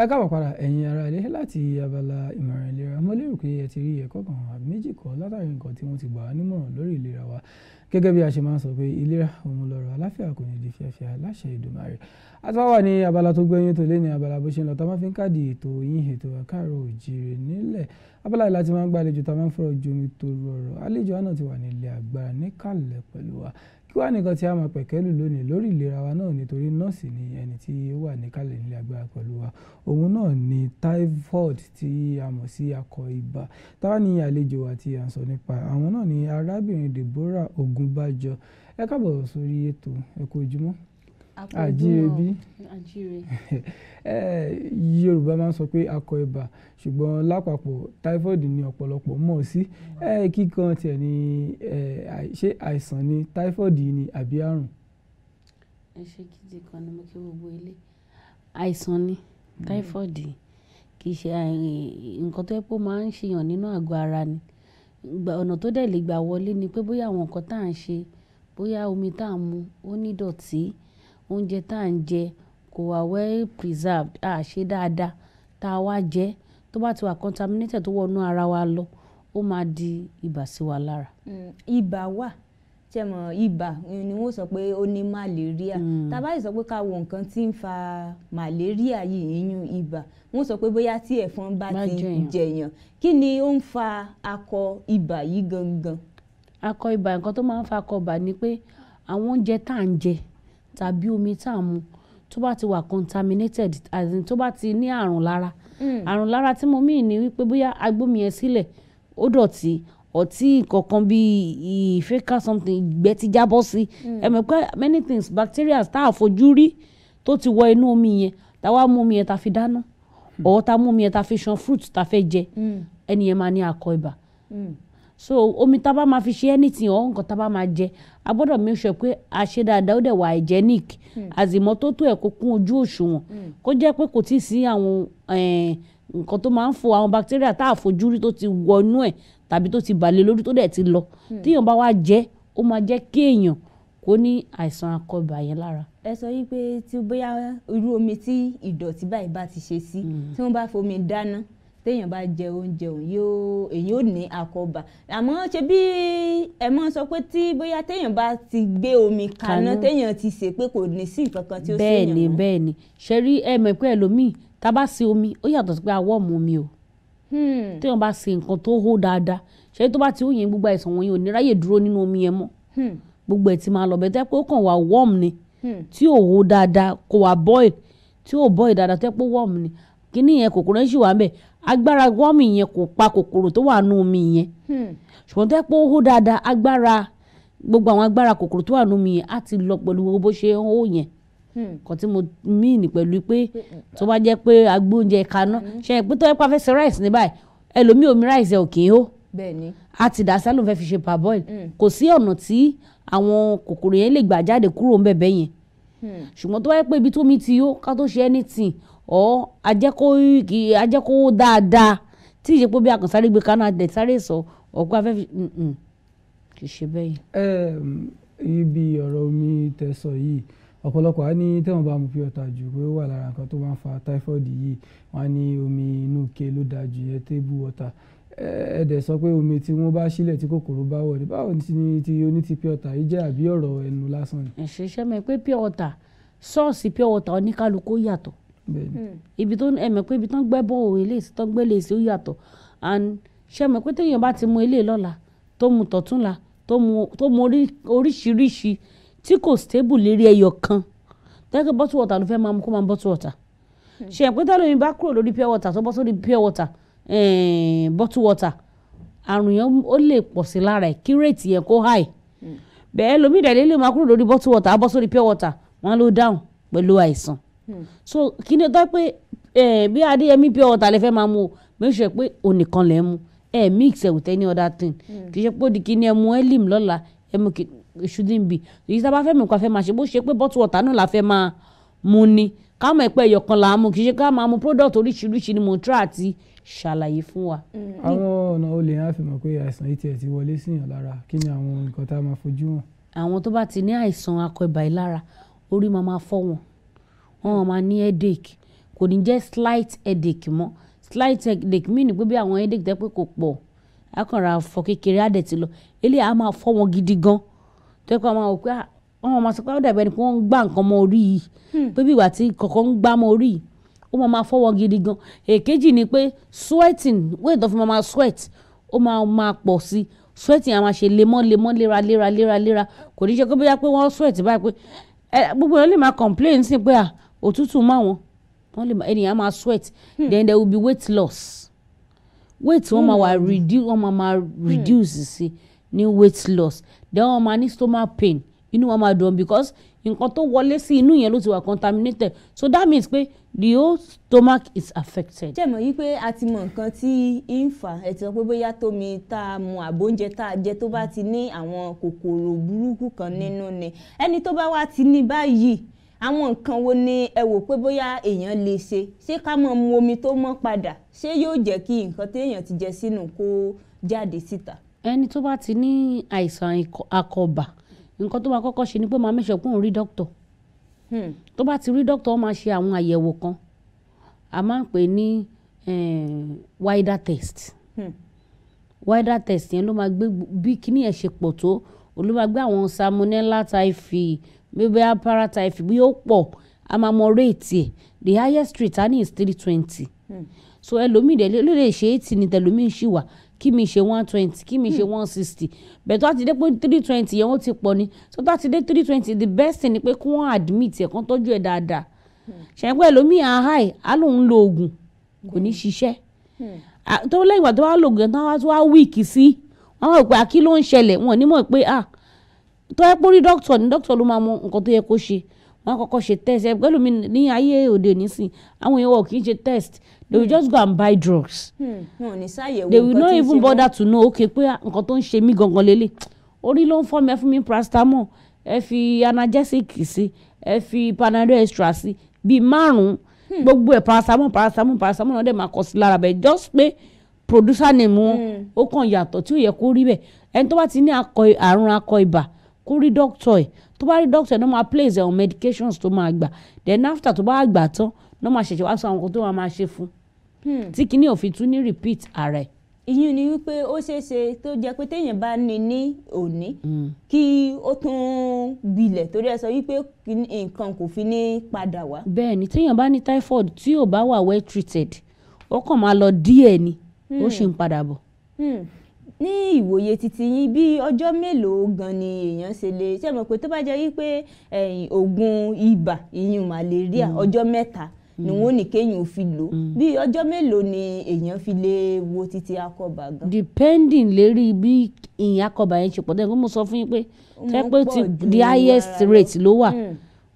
ẹ káàbọ̀ padà ẹ̀yin ará ilé láti abala ìmọ̀ràn ìlera mo lérò pé ẹ ti rí ẹ̀kọ́ kan àbí méjì kọ́ látàrí nǹkan tí wọ́n ti gbà á nímọ̀ràn lórí ìlera wa gẹ́gẹ́ bí a ṣe máa ń sọ pé ìlera òun lọ̀rọ̀ aláfíà kò ní di fíafíà láṣẹ Èdùmàrè àtàwà ní abala tó gbẹ́yìn tó lé ní abala bó ṣe ń lọ tá fi ń káàdì ètò yín ètò àkàrò òjìrè nílẹ̀ abala yìí láti máa ń gbàlejò tá a jomi tó rọrọ̀ àlejò àná ti wà nílé agbára níkàlẹ̀ pẹ̀lú wa kí wàá nìkan tí a máa pẹ̀kẹ́lù lónìí lórí ìlera wa náà nítorí nọ́ọ̀sì ni ẹni tí ó wà níkàlẹ̀ nílé agbára pẹ̀lú wa òun náà ni typhoid tí a mọ̀ sí akọ ibà táwa ní àlejò àti à nípa e? àwọn náà ni arábìnrin Deborah Ogunbájọ ẹ káàbọ̀ sórí ètò ẹ ojúmọ́ àjírebí eh, yorùbá máa ń sọ pé akọ ibà ṣùgbọ́n lápapọ̀ typhoid ni ọ̀pọ̀lọpọ̀ mọ̀ sí eh, kíkan tiẹ̀ ni eh, ṣé àìsàn ni typhoid ni àbí àrùn. ẹ ṣe gidi kan ni mo kí gbogbo ilé àìsàn ni hmm. typhoid kì í ṣe nǹkan tó yẹ pé ó máa ń ṣèyàn nínú àgọ́ ara ni ọ̀nà tó dẹ̀ lè gbà wọlé ni pé bóyá àwọn nǹkan tá à ń ṣe bóyá omi tá à ń mu ó ní dọ̀tí oúnjẹ tá à ń jẹ kò wà well preserved, a ṣe dáadáa tá a wá jẹ tó bá ti wà contaminated tó wọnú ara wa lọ, ó máa di ibà sí wa lára. Hmm, ibà wà, ṣé mọ̀ ibà ni wọ́n sọ pé ó ní malaria. Hmm. Tá bá sì sọ pé ká wo nǹkan tí ń fa malaria yìí, iyun ibà, wọ́n sọ pé bóyá tí ẹ̀fọn bá ti jẹ̀yàn, kí ni ó ń fa akọ ibà yìí gangan? Akọ ibà, nǹkan tó máa ń fa akọ ibà ni pé àwọn oúnjẹ tá à ń jẹ tàbí omi tá à ń mu tó bá ti wà contaminated as in tó bá ti ní àrùn lára hmm. àrùn lára tí mo mean ni wípé bóyá agbómi yẹn sílẹ̀ ó dọ̀tí ọtí kankan bíi faker something ìgbẹ́ ti jábọ́ sí hmm. ẹ pé many things bacteria tá a fojú rí tó ti wọ inú omi yẹn tá a wá mú omi yẹn tá a fi dáná ọ̀ọ́ hmm. tá a mú omi yẹn tá a fi ṣan fruit tá a fẹ́ jẹ ẹni yẹn máa ní akọ ibà so omi tá a fi ṣe anything ọ̀ nǹkan tá a bá máa jẹ a gbọ́dọ̀ make sure pé a ṣe dáadáa ó dẹ̀ wà hygienic àzìmọ́tótó hmm. ẹ̀ kó kún ojú òṣùwọ̀n hmm. kó jẹ́ pé kò tíì sí àwọn eh, nǹkan tó máa ń fo àwọn bacteria tá a fojúrí tó ti wọnú ẹ̀ tàbí tó ti balẹ̀ lórí tó dẹ̀ ti lọ hmm. téèyàn bá wá jẹ ó máa jẹ́ kí èèyàn kó ní àìsàn akọbà yẹn lára. ẹ sọ wípé tí bóyá irú omi tí ìdọ̀tí báyìí bá ti ṣe sí tí wọ́n bá fomi dáná téèyàn bá jẹ oúnjẹ òun yóò èyí ò ní àkóbá àmọ́ ṣe bí ẹ mọ́ sọ pé tí bóyá téèyàn bá ti gbé omi kaná téèyàn ti sè pé kò ní sí nǹkan kan tí ó ṣèyàn mọ́. bẹ́ẹ̀ni bẹ́ẹ̀ni ṣe rí ẹ mọ̀ pé ẹlòmíì tá a bá sè omi ó yàtọ̀ sí pé a wọ́ọ̀mù omi o hmm. téèyàn bá sè nǹkan tó hó dáadáa ṣe tó bá ti hó yẹn gbogbo àìsàn wọ̀nyí ò ní ráyè dúró nínú omi yẹn mọ́ hmm. gbogbo ẹ̀ ti máa lọ bẹ́ẹ̀ pé ó kàn wá wọ́ọ̀mù ni hmm. tí ò hó dáadáa kò wá boil tí ò boil dáadáa tẹ́ pé wọ́ọ̀mù ni kíní yẹn kòkòrò ń ṣì wà ń bẹ̀ agbára wọ́ọ̀mì yẹn kò pa kòkòrò tó wà nù omi yẹn hmm. ṣùgbọ́n tó yẹ pé ó hó dáadáa agbára gbogbo àwọn agbára kòkòrò tó wà nù omi yẹn á ti lọ pẹ̀lú bó ṣe hó yẹn hmm. kan tí mo míìnì pẹ̀lú pé hmm, tó bá jẹ́ pé agbóúnjẹ kaná ṣe é pé tó yẹ pé fẹ́ ṣe rice ní báyìí ẹlòmíì omi rice ẹ̀ ò kì í hó a ti dà sálò fẹ́ fi ṣe parboil kò sí ọ̀nà tí àwọn kòkòrò yẹn lè gbà jáde kúrò ń bẹ̀bẹ̀ yẹn ṣùgbọ́n tó bá pé ibi tó ti hó ká tó ṣe anything or ajẹ́kó ajẹ́kó dáadáa tí ìṣe pé bí akànsáré gbé kaná dẹ̀ sáré sọ ọ̀gbọ́n afẹ́fẹ́ kì í ṣe bẹ́ẹ̀. ibi ọ̀rọ̀ omi tẹ̀sọ̀ yìí ọ̀pọ̀lọpọ̀ á ní tẹ́wọ̀n bá mu pure water jù pé ó wà lára nǹkan tó máa ń fa typhoid yìí wọ́n á ní omi inú ike ló dáa jù yẹn table water ẹ dẹ̀ sọ pé omi tí wọ́n bá sílẹ̀ tí kòkòrò bá wọ̀ ní báwo ni ti oní ti pure water yìí jẹ́ àbí ọ̀rọ̀ ẹnu lásán ni. ẹ̀ṣẹ̀ ṣẹ́ mi pé pure water sọ́ọ̀sì Hmm. ibi tó ẹ mọ̀ pé ibi tó ń gbẹ́ bọ́ òwe lè tó ń gbé lè sí ó yàtọ̀ and ṣe mọ̀ pé téèyàn bá ti mu ilé lọ́la tó mu tọ̀túnla tó mu oríṣiríṣi tí kò stable lérí ẹyọ kan tẹ́kẹ́ bottle water ló fẹ́ máa mu kó máa bottle water hmm. ṣe mọ̀ pé tẹ́lẹ̀ mi bá kúrò lórí pure water tó bọ́ sórí pure water eh, bottle water àrùn yẹn ó lè pọ̀ sí lára ẹ̀ kí rèètì yẹn kó high hmm. bẹ́ẹ̀ lómi ìdàlẹ́ lè máa kúrò lórí bottle water á bọ́ sórí pure water wọ́n ló dáhùn pẹ̀lú àìsàn so kí ni dá pé bí adéyẹmí pure water lè fẹ́ máa mu o make sure pé onìkan lè mu ẹ mix ẹ with any other thing hmm. kì í ṣe pé ó di kí ni ẹ mu elim lọ́la ẹ mu shouldn't be èyí tá a bá fẹ́ mu nǹkan fẹ́ máa ṣe bó ṣe pé bottle water náà la fẹ́ máa mu ni ká mọ̀ pé ẹyọ kan mu kì í ṣe ká máa mu product oríṣiríṣi ni mo ń try àti ṣàlàyé fún wa. Hmm. àwọn ọ̀nà olè yẹn á fi mọ̀ pé àìsàn etí ẹ̀ ti wọlé síyàn lára kí ni àwọn nǹkan tá a máa fojú hàn. àwọn tó bá ti ní àìsàn akọ ìbàyí lára orí máa máa fọ́ wọn wọ́n máa ní headache kò ní jẹ́ slight headache mọ́ slight headache mí ni pé bí àwọn headache tẹ́ pé kò pọ̀ á kàn ra fọ kékeré á dẹ̀ ti lọ eléyà á máa fọ́ wọn gidi gan tẹ́ pé àwọn àwọn pé ah, wọ́n máa sọ pé ó dàbí ẹni pé wọ́n ń gbá nǹkan mọ́ orí yìí hmm. pé bí ìgbà tí kọ̀ọ̀kan ń gbá mọ́ orí yìí ó máa máa fọ́ wọn gidi gan èkejì ni pé sweating wíì tó fi máa sweat ó máa máa pọ̀ sí sweating á máa ṣe lemọ́ lemọ́ léra léra léra léra kò ní ṣe pé bóyá pé wọ́n sweat báyìí pé gbogbo yẹn lè máa complain sí pé ah òtútù má wọn wọn lè ènìyàn máa sweat hmm. then there will be weight loss weight wọn máa hmm. wà reduce wọn máa máa hmm. reduce sí ní weight loss then wọn máa ní stomach pain inú wọn máa dùn because nǹkan tó wọlé sí inú yẹn ló ti wà contaminated so that means pé the whole stomach is affected. ṣé mọ̀ yí pé a ti mọ nǹkan tí ń fà ẹ̀ ti sọ pé bóyá tómi tá a mu àbóúnjẹ tá a jẹ tó bá ti ní àwọn kòkòrò burúkú kan nínú ni ẹni tó bá wá ti ní báyìí àwọn nǹkan wo ni ẹ wò pé bóyá èèyàn lè ṣe ṣé ká máa mu omi tó mọ́ padà ṣé yóò jẹ́ kí nǹkan téèyàn ti jẹ sínú kó jáde síta. ẹni tó bá ti ní àìsàn àkọ̀bà nǹkan tó máa kọ́kọ́ ṣe ni pé máa mẹ́sàn pé òun rí dókítọ̀ hmm. tó bá ti rí dókítọ̀ ó máa ṣe àwọn àyẹ̀wò kan a máa ń pè ní eh, wider test hmm. wider test yẹn ló máa gbé bí kíní ẹ̀ ṣe pọ̀ tó ló àwọn salmonella typhi bóyá paratype bí ó pọ̀ a máa mọ réètì ẹ̀ the highest rate a ní is three twenty hmm. so ẹlòmíì dẹ̀ ló lè ṣe eighty ní tẹlòmíì ṣì wà kí mi ṣe one twenty kí mi ṣe hmm. one sixty bẹ̀ẹ̀ tó a ti dé pé three twenty yẹn ó ti pọ̀ ni so tó a ti dé three twenty the best thing ni pé kí wọ́n admit ẹ̀ kán tọ́jú ẹ̀ dáadáa hmm. ṣẹ̀yìn pé ẹlòmíì á high á lòun lo oògùn kò ní ṣiṣẹ́ tó lẹ́yìn ìgbà tó wá lògùn ẹ̀ tó wá weak sí wọ́n mọ̀ pé àkí ló ń ṣẹlẹ̀ wọ́n ní mọ̀ pé ah tó yẹ kó rí dókítà ní dókítà ló máa mọ nǹkan tó yẹ kó ṣe wọn á kọ́kọ́ ṣe test ẹ pẹ̀lú mi ní ayé òde nísìn àwọn èèyàn wọ̀ kì í ṣe test they will hmm. just go and buy drugs hmm, they will not even bother to know okay pé nǹkan tó ń ṣe mí gangan lélẹ̀ orí ló ń fọ́ mi ẹ fún mi paracetamol ẹ fi analgesic sí ẹ fi panadol extra sí bíi márùn-ún hmm. gbogbo ẹ̀ paracetamol paracetamol paracetamol náà dẹ̀ máa kọ sí lára bẹ̀ just pé producer name wọn ó kàn yàtọ̀ tí ó yẹ kó rí bẹ̀ ẹni tó bá ti ní àrùn akọ ibà kó rí doctor ẹ̀ tó bá rí doctor ẹ̀ ló máa place ẹ̀ on medications tó máa gbà then after tó bá gbà tán ló máa ṣẹ̀ṣẹ̀ wá sọ àwọn nǹkan tó máa ṣe fún hmm. tí kinní òfin tún ní repeat ara ẹ̀ ìyún ni wípé ó ṣeéṣe tó jẹ pé téèyàn bá ní ní òní hmm. kí ó tún gbilẹ̀ torí ẹ sọ wípé nǹkan kò fi ní padà wá. bẹ́ẹ̀ ni téèyàn bá ní typhoid tí ò bá wà well treated ó kàn máa lọ díẹ̀ ni ó ṣì hmm. ń padà bọ̀ ní ìwòye títí yín bí ọjọ́ mélòó gan ni èèyàn ṣe lè ṣe mọ̀ pé tó bá jẹ́ wípé oògùn ibà ìyún màlẹ́ríà hmm. ọjọ́ mẹ́ta ni hmm. wọn ò ní kéèyàn fi lò hmm. bí ọjọ́ mélòó ni èèyàn fi lè wo títí akọbà gan. depending lérí bí ìyìn akọbà yẹn ṣe pọ̀ dẹ́nu mo sọ fún yín pé tẹ́ ti the highest rate ló wà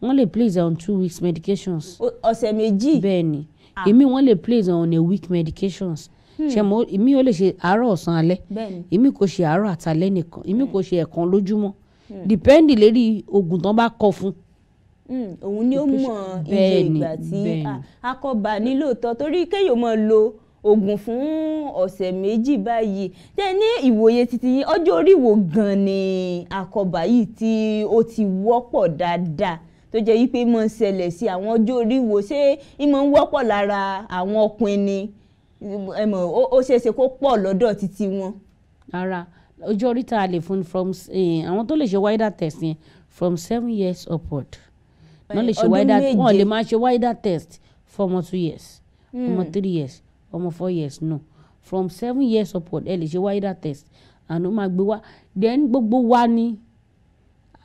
wọ́n lè place on two weeks medications. ọ̀sẹ̀ méjì. bẹ́ẹ̀ ni ah. èmi wọ́n lè place on a week medications. Mm Hmm. ṣe mo èmi ò lè ṣe àárọ̀ ọ̀sán alẹ́ èmi kò ṣe àárọ̀ àtàlẹ́ nìkan èmi kò hmm. ṣe ẹ̀kan lójúmọ́ hmm. dìpẹ́ndì lérí oògùn tán bá kọ fún òun ni ó mọ iye ìgbà tí akọba nílò tọ torí kéèyàn máa lo oògùn fún ọ̀sẹ̀ méjì báyìí tẹ ní ìwòye títí yín ọjọ́ orí wo gan ni akọba yìí tí ó ti wọ́pọ̀ dáadáa tó jẹ́ wípé máa ń ṣẹlẹ̀ sí àwọn ọjọ́ orí wo ṣé ìmọ̀ ń wọ́pọ̀ lára àwọn ọkùnrin ni ẹ mọ̀ ó ṣeé ṣe kó pọ̀ lọ́dọ̀ títí wọn. ara ojú orí tá a lè fún from eh, àwọn tó lè ṣe wider test yẹn from seven years upward wọ́n lè ṣe wider wọ́n lè máa ṣe wider test for ọmọ two years hmm. ọmọ three years ọmọ four years no from seven years upward ẹ lè ṣe wider test àná máa gbé wá then gbogbo wa ni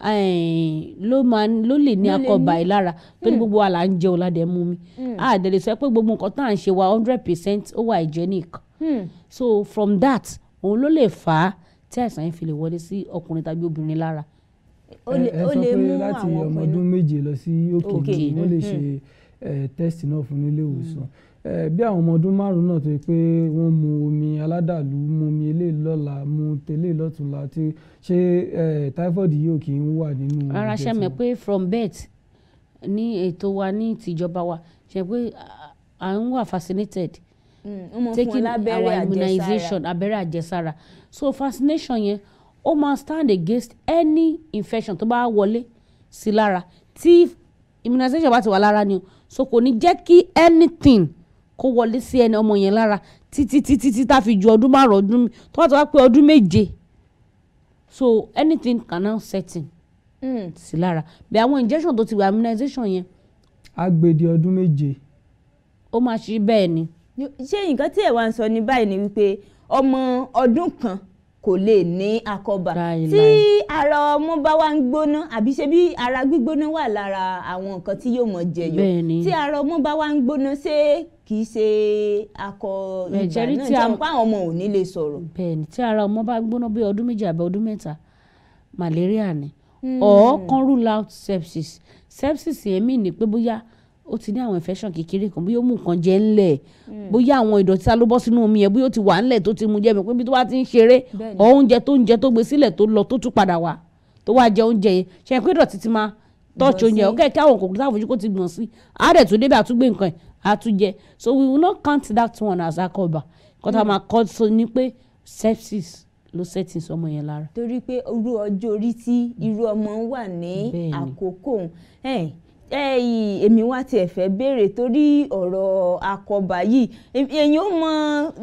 ló máa ló lè ní akọ báyìí lára torí hmm. gbogbo wa là ń jẹun ládẹ mú mi àdèrè hmm. sọ pé gbogbo nǹkan tá à ń ṣe wa hundred percent ó wà hygienic hmm. so from that òun ló lè fà á tí àìsàn yẹn fi lè wọlé sí ọkùnrin tàbí obìnrin lára. ẹ sọ pé láti ọmọ ọdún méje lọ sí òkè òkè wọ́n lè ṣe test náà fún nílé ìwòsàn bí àwọn ọmọ ọdún márùn-ún náà tó pé wọ́n mu omi aládàlú mu omi eléyìí lọ́la mu tẹ́lẹ̀ lọ́túnla tí ṣé typhoid yóò kì í wà nínú. ara ṣe mọ̀ pé from birth ní ètò wa ní tìjọba wa ṣe pé à ń wà fascinated mm, taking our immunization abẹ́rẹ́ àjẹsára so fascination yẹn ó máa stand against any infection tó bá wọlé sí lára tí immunization bá ti wà lára ni o so kò ní jẹ́ kí anything kó wọlé sí ẹni ọmọ yẹn lára títí títí tí tá fi ju ọdún márùn ọdún tó bá ti wá pé ọdún méje so anything can now set in mm. sí lára bí àwọn injection tó ti wà immunization yẹn. agbèdè ọdún méje. ó máa ṣe bẹ́ẹ̀ ni. ṣé nǹkan tí ẹ̀ wá ń sọ ní báyìí ni wípé ọmọ ọdún kan kò lè ní àkóbá tí ara ọmọ bá wá ń gbóná àbí ṣe bí ara gbígbóná wà lára àwọn nǹkan tí yóò mọ jẹyọ tí ara ọmọ bá wá ń gbóná ṣé kì í ṣe akọ ìjà náà jẹun pé àwọn ọmọ ò ní lè sọ̀rọ̀. bẹ́ẹ̀ni tí ara ọmọ bá gbóná bí ọdún méjì àbí ọdún mẹ́ta malaria ni hmm. or kan rule out sepsis sepsis yẹn mí ni pé bóyá ó ti ní àwọn infection kékeré kan bóyá ó mú nǹkan jẹ ńlẹ̀ hmm. bóyá àwọn ìdọ̀tí tá ló bọ́ sínú omi yẹn bóyá ó ti wà ńlẹ̀ tó ti mu jẹ mi pé bí tó bá ti ń ṣeré or oúnjẹ tó ń tó gbé sílẹ̀ tó lọ tó tún padà wá tó wá jẹ oúnjẹ yẹn ṣe é pé ìdọ̀tí ti máa touch oúnjẹ ó kẹ́ kí àwọn kòkòrò táwọn fojú kó ti gbọ̀n sí á dẹ̀ tún débẹ̀ àtúgbé nǹkan ẹ̀ á so we will not count that one as akọba kó tá a máa kọ́ so ni pé sepsis ló sẹ́tì sọmọ yẹn lára. torí pé irú ọjọ́ orí tí irú ọmọ wà ní àkókò èmi wá tiẹ̀ fẹ́ béèrè torí ọ̀rọ̀ àkọ́bà yìí èyí ò mọ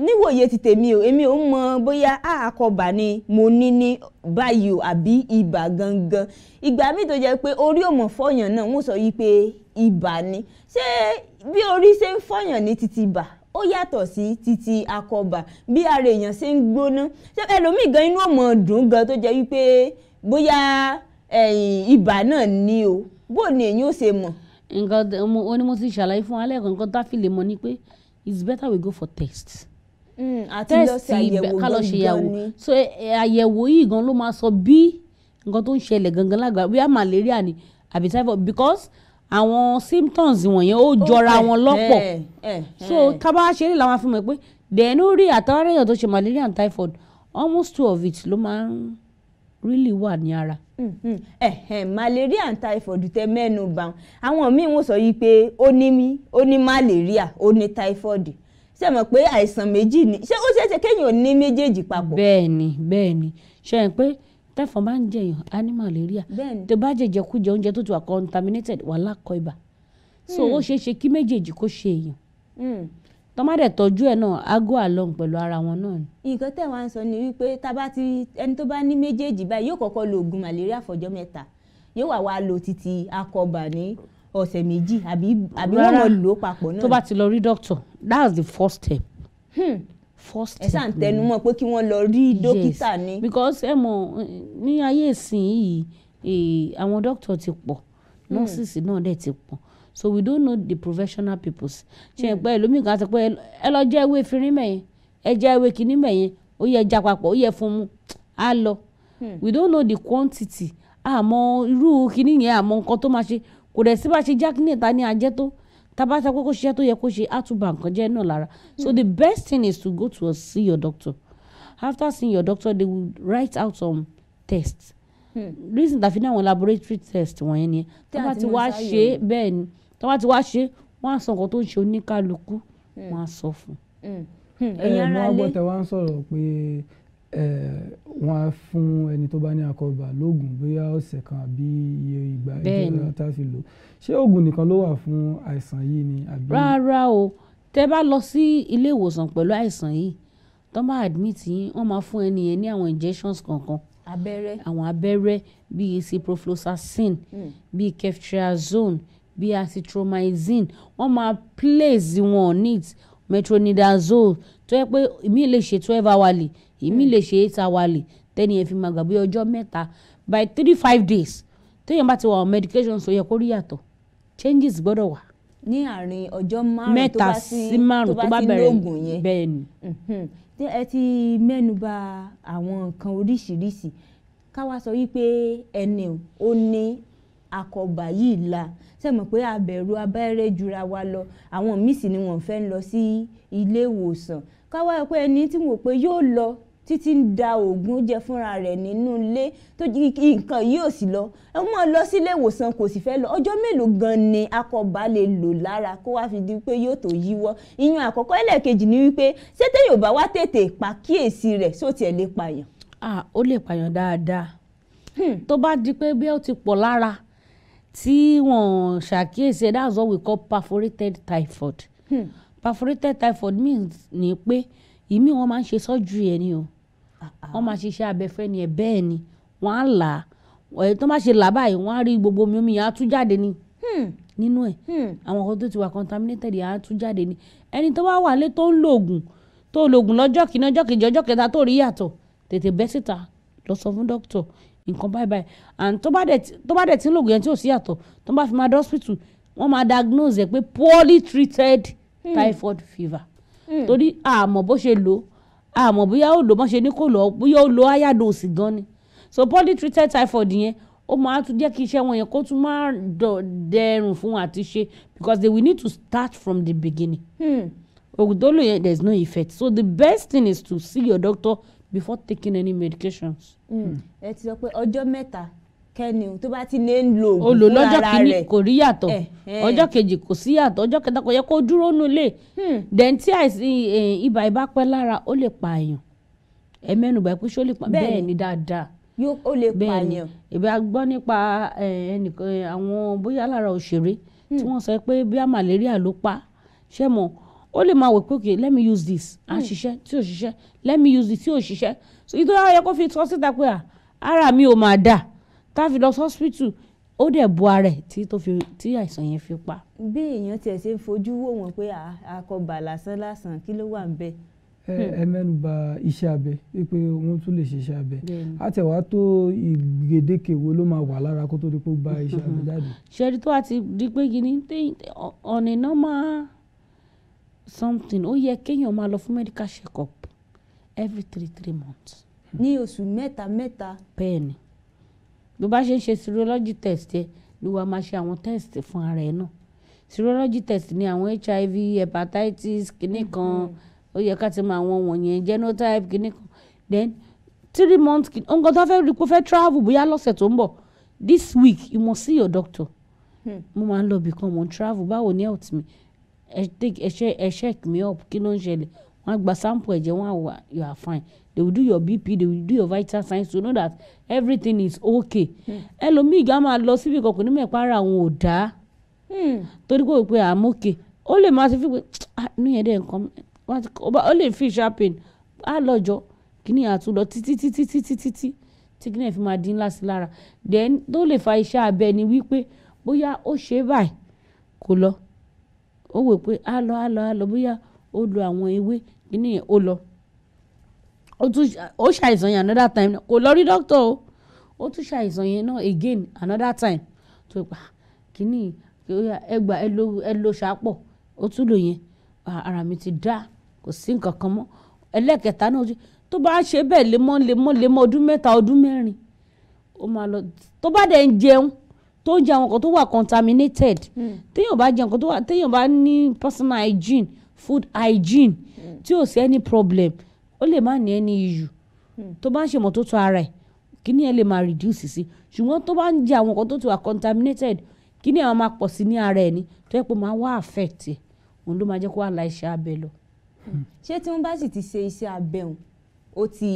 níwòye ti tèmi o èmi ò mọ bóyá àkọ́bà ni mo ní ní báyìí o àbí ibà gangan ìgbà míì tó jẹ́ pé orí òmò fọyàn náà wọ́n sọ yìí pé ibà ni ṣé bí orí ṣe ń fọyàn ní títí ibà ó yàtọ̀ sí títí àkọ́bà bí ara èèyàn ṣe ń gbóná ṣé ẹlòmíì gan inú ọmọ dùn gan tó jẹ́ wípé bóyá ibà náà ni o bó ni èyí ó ṣe mọ̀. nǹkan ó ní mo ti ṣàlàyé fún alẹ́ kan nǹkan tá a fi lè mọ̀ ni pé it's better we go for test. àti hmm, lọ sí àyẹ̀wò gan ni so àyẹ̀wò yìí gan ló máa sọ bí nǹkan tó ń ṣẹlẹ̀ gangan lágbàá bóyá malaria ni àbí typhoid because àwọn symptoms wọ̀nyẹn ó jọra wọn lọ́pọ̀ eh, eh, so eh. tábà ṣeré làwọn afi mọ̀ pé dẹ̀ẹ́nú rí àtàwọn tó ṣe malaria and typhoid almost two of it ló máa ń really wà ní ara. Mm-hmm. malaria and typhoid tẹ mẹ́nu bà wọn àwọn míì wọ́n sọ yìí pé ó ní mí ó ní malaria ó ní typhoid ṣe mọ̀ pé àìsàn méjì ni ṣé ó ṣeé ṣe kéèyàn ní méjèèjì papọ̀. bẹ́ẹ̀ni bẹ́ẹ̀ni ṣe é pé tẹfọn bá ń jẹyàn á ní malaria tó bá jẹjẹ kú jẹ oúnjẹ tó ti wà contaminated wà lákọ ibà so ó hmm. ṣeé ṣe kí méjèèjì kó ṣe èèyàn. Hmm tọ́ má dẹ̀ tọ́jú ẹ̀ náà á go along pẹ̀lú ara wọn náà ni. nǹkan tẹ̀ wá ń sọ ni wípé tá a bá ti ẹni tó bá ní méjèèjì báyìí yóò kọ́kọ́ lo oògùn màlẹ́ríà fọ́jọ́ mẹ́ta yóò wá wá lo títí akọbà ní ọ̀sẹ̀ méjì àbí wọ́n mọ̀ lò ó papọ̀ náà. tó bá ti lọ rí dókítà that's the first step. Hmm. first step ẹ sàn tẹnu mọ́ pé kí wọ́n lọ rí dókítà ni. because ẹ mọ̀ ní ayé ìsìn yìí eh, àwọn dókítà ti pọ̀ hmm. nọ́ọ̀sì náà dẹ̀ ti pọ̀. Hmm so we don't know the professional peoples. ṣe ẹ pé hmm. ẹlòmíì kan sọ pé ẹ lọ jẹ ewé efinrin mẹyìn ẹ jẹ ewé kìíní mẹyìn ó yẹ já papọ̀ ó yẹ fún mu á lọ hmm. we don't know the quantity àmọ́ irú kìíní yẹn àmọ́ nǹkan tó máa ṣe kò dẹ̀ sí bá ṣe jákìíní ìta ní ajẹ́ tó tábà sọ pé kó ṣiṣẹ́ tó yẹ kó ṣe á nǹkan jẹ́ náà lára so hmm. the best thing is to go to see your doctor after seeing your doctor they will write out some tests Hmm. reason tàfi ní àwọn laboratory test wọ̀nyẹn ni tó bá ti wá ṣe bẹ́ẹ̀ ni tó bá ti wá ṣe wọ́n á sọ nǹkan tó ń ṣe oníkálukú hmm. wọ́n á sọ fún. Hmm. ẹ̀yin eh, ará lé ẹ̀ wọ́n á sọ̀rọ̀ pé eh, wọ́n á fún ẹni tó bá ní àkọ́bà lóògùn bóyá ọ̀sẹ̀ kan àbí iye ìgbà ìjọba tá a fi lò ṣé oògùn nìkan ló wà fún àìsàn yìí ni. rárá o tẹ bá lọ sí ilé ìwòsàn pẹ̀lú àìsàn yìí tó bá admit yín wọ́n máa fún ẹni yẹn ní àwọn injections kankan abẹ́rẹ́ àwọn abẹ́rẹ́ bíi ciprofloxacin mm. bíi ceftriaxone bíi azithromycin wọ́n máa place wọn neat metronidazole tó yẹ pé ìmí lè ṣe twelve awali, ìmí hmm. lè ṣe eight hourly tẹ́ni ẹ̀ fi máa gbà ọjọ́ mẹ́ta by three five days téèyàn bá ti wà on medication so yẹ kó rí yàtọ̀ changes gbọ́dọ̀ wà ní àárín ọjọ́ márùn-ún mẹ́ta sí márùn-ún tó bá ti bẹ́ẹ̀ ni mhm ẹ ti mẹ́nuba àwọn nǹkan oríṣiríṣi ká wá sọ wípé ẹni ò ní àkọ́bà yìí la ṣe mọ̀ pé abẹ̀rù abẹ́rẹ́ jura wa lọ àwọn míì ni wọ́n fẹ́ lọ sí ilé ìwòsàn ká wá pé ẹni tí wọ́n pé yóò lọ títí ń da oògùn jẹ fúnra rẹ̀ nínú ilé tó nǹkan yìí sì lọ ẹ mọ lọ sílé ìwòsàn kò sì fẹ́ lọ ọjọ́ mélòó gan ni akọba lè lò lára kó wá fi di pé yóò tó yíwọ́ ìyẹn àkọ́kọ́ ẹlẹ́ẹ̀kejì ni wípé ṣété yorùbá wá tètè pàkíyèsí rẹ̀ só tiẹ̀ lè pààyàn. ah ó lè pààyàn dáadáa hmm. tó bá di pé bí ó ti pọ̀ lára tí wọ́n ṣàkíyèsí that's what we call perforated typhoid hmm. perforated typhoid means ni pé ìmí wọn máa ń ṣe surgery ẹ̀ ni o ah, ah. wọ́n máa ṣiṣẹ́ abẹ fẹ́ni ẹ̀ bẹ́ẹ̀ ni wọ́n á là á tó má ṣe là báyìí wọ́n á rí gbogbo omi omi yẹn á tú jáde ni hmm. nínú ẹ̀ hmm. àwọn kan tó ti wà contaminated yẹn á tú jáde ni ẹni tó wá wà lé tó ń lo oògùn tó lo oògùn lọ́jọ́ kìíní ọjọ́ kejì ọjọ́ kẹta tó rí yàtọ̀ tètè bẹ́ síta lọ sọ fún dókítà nǹkan báyìí báyìí and tó bá dẹ̀ tí ń lògùn yẹn tí ò sí yàtọ̀ tó bá fi máa dé hospital wọ́n máa diagnose ẹ̀ pé poorly treated hmm. typhoid fever Hmm. torí àmọ́ bó ṣe lò àmọ́ bóyá ó lò bó ní kò lọ bóyá ó lo higher dose gan ni so poorly treated typhoid yẹn ó máa tún jẹ́ kí iṣẹ́ wọn yẹn kó tún máa dẹrùn fún àti ṣe because they will need to start from the beginning. Hmm. Ogudolo yẹn there is no effect so the best thing is to see your doctor before taking any medications. Hmm. Hmm. ẹ ti sọ pé ọjọ́ mẹ́ta kẹ́ni tó bá ti lè lo oògùn fún ara rẹ̀ olùlọ́jọ́ kìíní kò rí yàtọ̀ eh, eh. ọjọ́ kejì kò sí yàtọ̀ ọjọ́ kẹta kò yẹ kó dúró nù lé hmm. then tí àìsí eh, ibà ibà pẹ́ lára ó lè pààyàn ẹ mẹ́nu ṣó lè pa bẹ́ẹ̀ ni dáadáa yóò ó lè pààyàn. ìbí a gbọ́ nípa àwọn bóyá lára òṣèré hmm. tí wọ́n sọ pé bí a malaria ló pa ṣé mo ó lè máa wò pé okay let me use this á hmm. ṣiṣẹ́ tí ò ṣiṣẹ́ let me use this tí ò ṣiṣẹ́ so ìtura yẹ kó fi tọ́ síta pé ara mi ò máa dáa tá a fi lọ sọ́sìpìtù ó dẹ̀ bu ara ẹ̀ tí tó fi tí àìsàn yẹn fi pa. bí èèyàn tiẹ̀ ṣe ń fojú wò wọ́n pé àkọ́bà lásán lásán kí ló wà ń bẹ̀. Hmm. ẹ mẹ́nu ba iṣẹ́ abẹ wípé wọ́n tún lè ṣe iṣẹ́ abẹ àtẹ̀wá tó ìgbèdéke wo ló máa wà lára kó tó di pé ó gba iṣẹ́ abẹ jáde. ṣẹ́ni tó a ti di pé gini ọ̀nì náà máa something ó yẹ kéèyàn máa lọ fún medical check up every three three months. Hmm. ní oṣù mẹ́ta mẹ́ta. bẹ́ẹ̀ ni ló bá ṣe ń ṣe serology test ẹ ló wàá máa ṣe àwọn test fún ara ẹ náà serology test ni àwọn hiv hepatitis kìíní mm-hmm. kan ó yẹ ká ti mọ àwọn wọ̀nyẹn genotype kìíní kan then three months kìíní nǹkan tó fẹ́ rí kó fẹ́ travel bóyá lọ́sẹ̀ tó ń bọ̀ this week you must see your doctor hmm. mo máa ń lọ ibì kan mo travel báwo ni health mi ẹ ṣe ẹ check me up kí ló ń ṣẹlẹ̀ wọ́n gba sample ẹ̀jẹ̀ wọ́n wà you are fine they will do your bp they will do your vital signs to know that everything is okay hmm. ẹlòmíì gan máa lọ síbi kankan nímọ̀ ẹ̀pá ara àwọn ò dá hmm. torí kò pé i'm okay ó lè máa ṣe fi pé ah, níyẹn dẹ̀ nǹkan ó lè fi sharpen á lọ́jọ́ kíní àtúndọ̀ títí títí títí títí tí kíní ẹ̀ fi máa dín ńlá sí lára then tó lè fa iṣẹ́ abẹ ni wípé bóyá ó ṣe báyìí kò lọ ó wò pé á lọ á lọ á lọ bóyá ó lo àwọn ewé kíní yẹn ó lọ ó tún ó ṣàìsàn yẹn another time kò lọ rí doctor o ó tún ṣàìsàn yẹn náà again another time tó pa kíní ẹgbà ẹ lo ẹ lo ṣàpọ̀ ó tún lò yẹn ah, ara mi ti dá kò sí nǹkan kan mọ́ ẹlẹ́kẹta náà tó bá ṣe bẹ́ẹ̀ lemọ́ lemọ́ lemọ́ ọdún mẹ́ta ọdún mẹ́rin ó máa lọ tó bá dẹ̀ ń jẹun tó ń jẹ àwọn kan tó wà contaminated hmm. téèyàn bá jẹ nǹkan tó wà téèyàn bá ní personal hygiene food hygiene tí ò sí any problem ó lè má ní any issue hmm. tó bá ń ṣe mọ́tótó ara ẹ̀ kíní ẹ̀ lè máa reduce sí ṣùgbọ́n tó bá ń jẹ àwọn nǹkan tó ti wà contaminated kíní ẹ̀ máa pọ̀ sí ní ara ẹ̀ ni tó yẹ pé máa wá affect ẹ̀ òun ló máa jẹ́ kó wà láì ṣe abẹ lọ. Hmm. ṣé tí wọ́n bá sì ti ṣe iṣẹ́ abẹ òun ó ti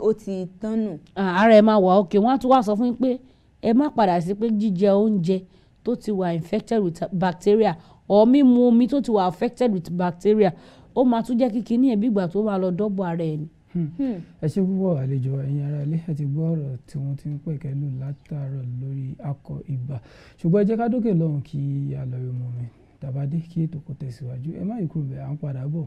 ó ti tán nù. ara ẹ̀ máa wà òkè wọ́n á tún wá sọ fún yín pé ẹ má padà sí pé jíjẹ oúnjẹ tó ti wà infected with bacteria or mímu omi tó ti wà affected with bacteria ó máa tún jẹ́ kí kinní ẹ̀ bí ìgbà tó máa lọ dọ́gbọ́ ara ẹ̀ ni. Hmm. Hmm. ẹ ṣe púpọ̀ àlejò ẹ̀yin ará ilé ẹ ti gbọ́ ọ̀rọ̀ tí wọ́n ti ń pẹ̀kẹ́ lù látàárọ̀ lórí akọ ibà ṣùgbọ́n ẹ jẹ́ ká dókè lọ́hùn kí a lọ mi tàbá dé kí ètò kò tẹ̀síwájú ẹ má yìí kúrò bẹ́ẹ̀ à ń padà bọ̀.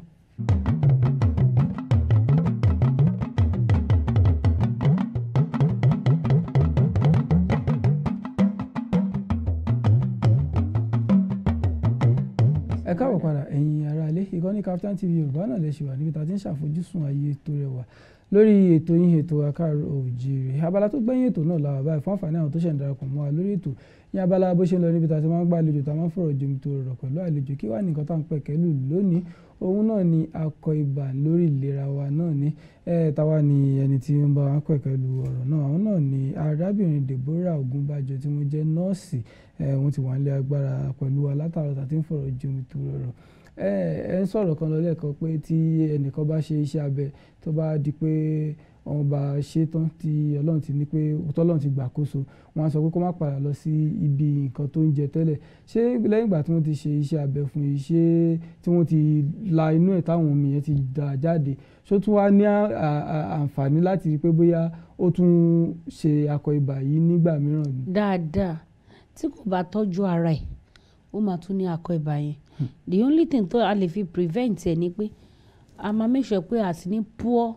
káàbọ̀ padà ẹ̀yin ará ilé ìkànnì Kaftan TV yorùbá náà lè ṣe wà níbi tá a ti ń ṣàfojúsùn ayé tó rẹwà lórí ètò yín ètò àkàrò òjìrè abala tó gbẹ̀yìn ètò náà làwà báyìí fún àǹfààní àwọn tó ṣẹ̀ ń darapọ̀ mọ́ wa lórí ètò ní abala bó ṣe ń lọ níbi tá a ti máa ń gbàlejò tá a máa ń fọ̀rọ̀ jomitoro ọ̀rọ̀ pẹ̀lú àlejò kí wàá nìkan tá à ń pẹ̀kẹ́ lù lónìí òun náà ni akọ ibà lórí ìlera wa náà ni eh, táwa ni ẹni tí ó ń bá wa pẹ̀kẹ́lu ọ̀rọ̀ náà àwọn náà ni arábìnrin Deborah Ogunbájọ tí wọ́n jẹ́ nọ́ọ̀sì wọ́n ti wà nílé agbára pẹ̀lú wa tàbí ń fọ̀rọ̀ jomi tó rọrọ̀ ẹ ń sọ̀rọ̀ kan lọ́lẹ́kan pé tí ẹnìkan bá ṣe iṣẹ́ abẹ tó bá di pé àwọn ọba ṣetán tí ọlọ́run ti ní pé tọ́lọ́run ti gbàkóso wọn á sọ pé kó má padà lọ sí ibi nǹkan tó ń jẹ tẹ́lẹ̀ ṣé lẹ́yìn ìgbà tí wọ́n ti ṣe iṣẹ́ abẹ fún yìí ṣé tí wọ́n ti la inú ẹ̀ táwọn omi yẹn ti dà jáde ṣó tún wá ní àǹfààní láti rí pé bóyá ó tún ṣe akọ ibà yìí nígbà mìíràn ni. dáadáa tí kò bá tọ́jú ara ẹ̀ ó máa tún ní akọ ibà yẹn the only thing tó a lè fi prevent ẹ̀ ni pé a máa make pé a sì ní poor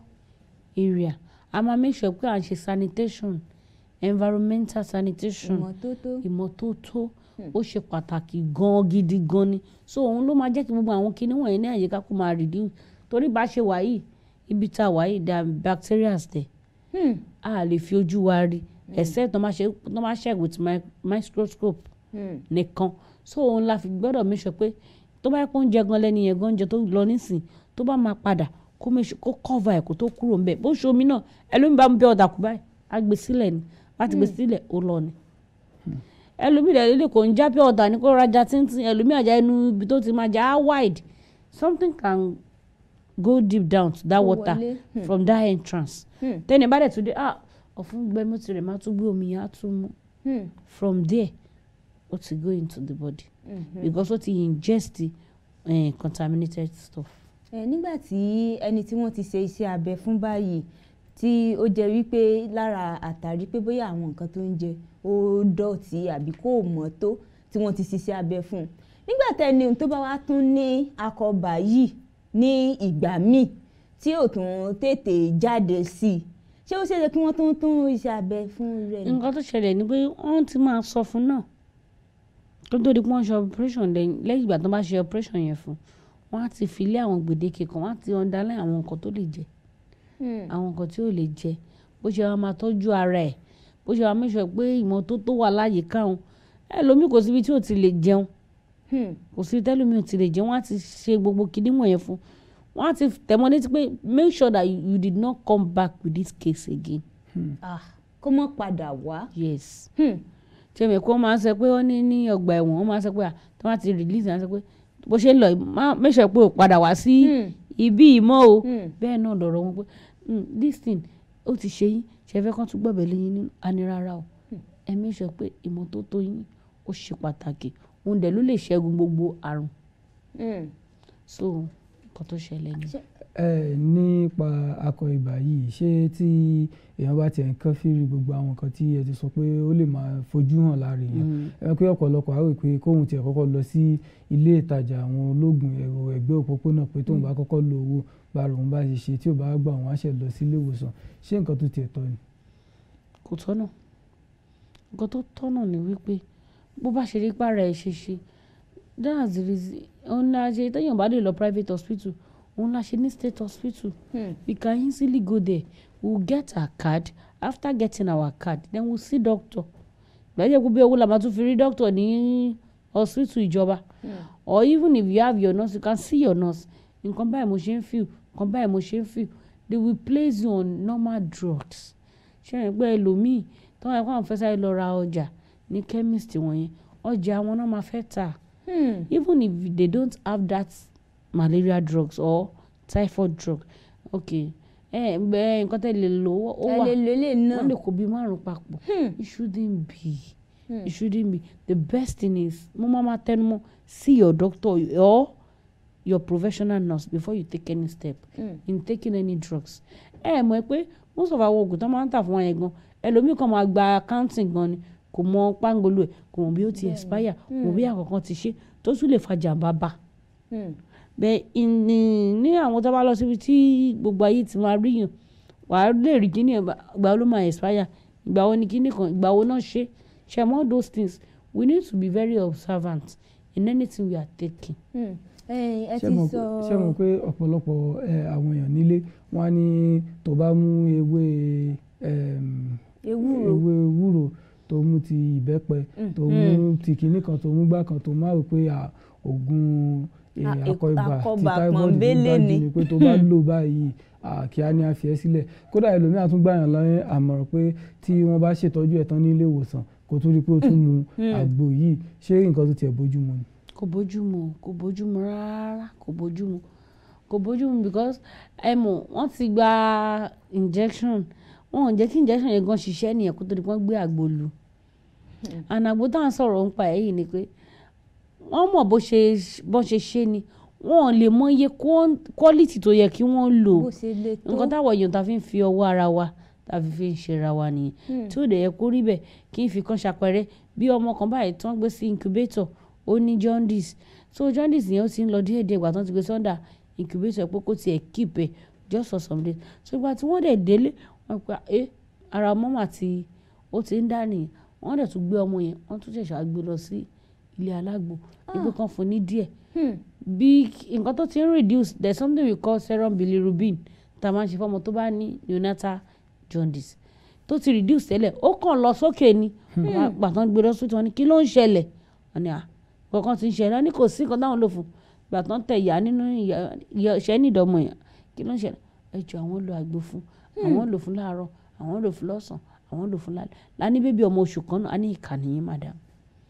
area a máa make sure pé à ń ṣe sanitation environmental sanitation ìmọ́tótó hmm. ó ṣe pàtàkì gan gidi gan ni so òun ló máa jẹ́ kí gbogbo àwọn kinní wọ̀nyí ní àyíká kó máa reduce torí bá ṣe wà yìí ibi tá a wà yìí da bacteria dẹ̀ a lè fi ojú wa rí hmm. except tó máa ṣe with microscope hmm. nìkan so òun la fi gbọ́dọ̀ make sure pé tó bá yẹ kó ń jẹ gan lẹ́ni yẹn gan jẹ tó lọ nísìn tó bá máa padà kó mẹ́sọ kó cover ẹ̀ kó tó kúrò ń bẹ̀ bó ṣe omi náà ẹlòmíì bá ń bẹ́ ọ̀dà kú báyìí á sílẹ̀ ni wọ́n ti hmm. sílẹ̀ ó lọ ni hmm. ẹlòmíì rẹ̀ lè kò ń já pure water kó rajà tíntín ẹlòmíì àjà inú ibi tó ti máa jà á wide something can go deep down to that water hmm. from that entrance hmm. tẹ́ni bá dẹ̀ tún dé ah ọ̀fun gbẹ́mú tirẹ̀ máa tún gbé omi yẹn á tún mú from there ó ti go into the body mm -hmm. because ó ti ingest the uh, contaminated stuff nígbà tí ẹni tí wọ́n ti ṣe iṣẹ́ abẹ fún báyìí tí ó jẹ́ wípé lára àtàrí pé bóyá àwọn nǹkan tó ń jẹ ó dọ̀tí àbí kò mọ́ tó tí wọ́n ti ṣiṣẹ́ abẹ fún un nígbà tẹ́ni tó bá wá tún ní akọbà yìí ní ìgbà míì tí ò tún tètè jáde sí i ṣé ó ṣeéṣe kí wọ́n tún tún iṣẹ́ abẹ fún rẹ̀. nǹkan tó ṣẹlẹ̀ ni pé wọ́n ti máa sọ fún náà tó tó di pé wọ́n ṣe operation lẹ́yìn ìgbà tó bá ṣe operation yẹn fún un wọ́n á ti fi lé àwọn gbèdéke kan wọ́n á ti underline àwọn nǹkan tó lè jẹ hmm. àwọn nǹkan tí ò lè jẹ bó ṣe wá máa tọ́jú ara ẹ̀ bó ṣe wá mẹ́sọ̀ pé ìmọ́tótó wà láyé káwọn ẹlòmíì kò síbi tí ò ti lè jẹun hmm. kò síbi tẹ́lòmíì ò ti lè jẹun wọ́n á ti ṣe gbogbo kinní wọ̀nyẹn fún wọ́n á ti tẹ̀mọ́ létí pé make sure that you, you did not come back with this case again. Hmm. Ah, kó mọ̀ padà wá. yes tẹ̀mẹ̀kọ́ hmm. máa ń sọ pé wọ́n ní ní ọgbà ẹ̀wọ̀n wọ́n máa ń sọ pé tí wọ́n ti release wọ́n á sọ pé bó ṣe ń lọ má mẹ́sẹ̀ pé ò padà wá sí hmm. ibi ìmọ̀ o hmm. bẹ́ẹ̀ náà lọ̀rọ̀ wọn pé hmm, this thing ó ti ṣe yín ṣe fẹ́ kán tún gbọ̀bẹ̀ lẹ́yìn ní anirara o ẹ mẹ́sẹ̀ pé ìmọ́tótó yín ó ṣe pàtàkì òun dẹ̀ ló lè ṣẹ́gun gbogbo àrùn so nǹkan tó ṣẹlẹ̀ ni. Ẹ nípa akọ ibà yìí, ṣé tí èèyàn bá ti ẹ̀ ń kẹ́fíìrì gbogbo àwọn nǹkan tí ẹ ti sọ pé ó lè máa fojú hàn lára èèyàn, mm. ẹ mọ̀ pé ọ̀pọ̀lọpọ̀ á rò pé kóhun tiẹ̀ kọ́kọ́ lọ sí ilé ìtajà àwọn olóògùn ẹ̀rọ ẹ̀gbẹ́ òpópónà pé tóun bá mm. kọ́kọ́ lo owó bára òun bá ṣe ṣe tí ò bá gbà òun á ṣẹ̀ lọ sí ilé ìwòsàn. Ṣé nǹkan tó tiẹ̀ tọ́ ni? Kò tọ̀nà. Ǹkan tó tọ̀nà ni wípé bó bá ṣe rí pé ara ṣe ṣe, that's private hospital òun la ṣe ní state hospital hmm. we can easily go there we will get our card after getting our card then we will see doctor gbẹ́jẹ́ gbogbo owó la máa tún fi rí doctor ní hospital ìjọba hmm. or even if you have your nurse you can see your nurse nǹkan báyìí mo ṣe ń feel nǹkan báyìí mo ṣe ń feel they will place you on normal drugs ṣé ẹ̀ ń gbọ́ ẹlòmíì tí wọ́n yẹ kó àwọn fẹ́ sáré lọ ra ọjà ní chemist wọ̀nyẹn ọjà wọn náà máa fẹ́ tà hmm. even if they don't have that malaria drugs or typhoid drug okay ẹ ẹ nǹkan tẹ́ lè lò ó wà wọ́n lè kó bí márùn papọ̀ hmm. it shouldn't be hmm. it shouldn't be the best thing is mo máa ma tẹnu mọ́ see your doctor or your professional nurse before you take any step mm. in taking any drugs ẹ mọ̀ pé most of our oògùn tó máa ń tà fún wọn yẹn gan ẹlòmíì kan máa gba accounting gan ni kò mọ pangolo ẹ kò mọ bí ó ti expire kò mọ hmm. bí àkọ́kọ́ ti ṣe tó tún lè fa jàǹbá bá. Mm bẹ́ẹ̀ ní ní àwọn tó bá lọ síbi tí gbogbo ayé ti máa ríyàn wàá lè rí kíní ìgbà wo ló máa expire ìgbà wo ni kíní kan ìgbà wo náà ṣe ṣe mọ́ those things we need to be very observant in anything we are taking. Hmm. ẹ ti sọ ṣé mo pé ọ̀pọ̀lọpọ̀ àwọn èèyàn nílé wọn á ní tó bá mú ewé ewé ewúro tó mú ti ìbẹ́pẹ hmm. tó mú hmm. ti kíní kan tó mú gbá kan tó má rò pé oògùn àkọ́bà ah, pọ̀nbélé ni pé tó bá lò báyìí kíá ni a fi ẹ́ sílẹ̀ kódà ẹlòmíràn tún gbàyàn lọ́yìn àmọ̀ràn pé tí wọ́n bá ṣètọ́jú ẹ̀ tán ní ilé ìwòsàn kó tó rí pé ó tún mu mm, mm. àgbo yìí ṣé nǹkan tó tiẹ̀ bójúmu ni. kò bójúmu kò bójúmu rárá kò bójúmu kò bójúmu because ẹ mọ̀ wọ́n ti gba injection wọn ò jẹ́ kí injection yẹn gan ṣiṣẹ́ nìyẹn kó tó di pé wọ́n gbé àgbo lu ànàgbo mm. táwọn sọ̀rọ̀ nípa ẹ̀ yìí ni pé wọ́n mọ̀ bó ṣe bọ́n ṣe ṣe ni wọn ò lè mọ iye quality tó yẹ kí wọ́n lò nǹkan táwọn èèyàn ta fi ọwọ́ ara wa ta fi fi ń ṣera wa nìyẹn hmm. tí ò dẹ̀ yẹ kó rí bẹ́ẹ̀ kí n fi kan ṣàpẹẹrẹ bí ọmọ kan báyìí tán gbé sí incubator ó ní jaundice so jaundice yẹn ó ti ń lọ díẹ̀díẹ̀ ìgbà tán ti gbé sọ́ndà incubator pé kó tiẹ̀ keep ẹ̀ just for some days so ìgbà tí wọ́n dẹ̀ délé wọ́n pa ẹ ara mọ́mà tí ó ti ń dá nìyẹn wọ́n dẹ̀ tún gbé ọmọ yẹn wọ́n tún ṣẹ̀ṣẹ̀ gbé lọ sí ilé alágbo ah. ibi kan fún ní díẹ̀ hmm. bí nǹkan tó ti ń reduce there's something we call serum bilirubin tá a máa ń ṣe fọ́mọ tó bá ní neonatal jaundice tó ti reduce tẹ́lẹ̀ ó kàn lọ sókè ni hmm. gbàtàn gbé lọ wọn ni kí ló ń ṣẹlẹ̀ wọn ni à kankan ti ń ṣẹlẹ̀ ni kò sí nǹkan táwọn lò fún gbàtàn tẹ ìyá nínú ìṣẹ́ nídọ̀mọ̀ yẹn kí ló ń ṣẹlẹ̀ ẹ jọ àwọn lo àgbo fún hmm. àwọn lò fún láàárọ̀ àwọn lò fún lọ́sàn àwọn lò fún lálẹ́ lání bébí ọmọ oṣù kan náà á ní ìkànnì yín madam.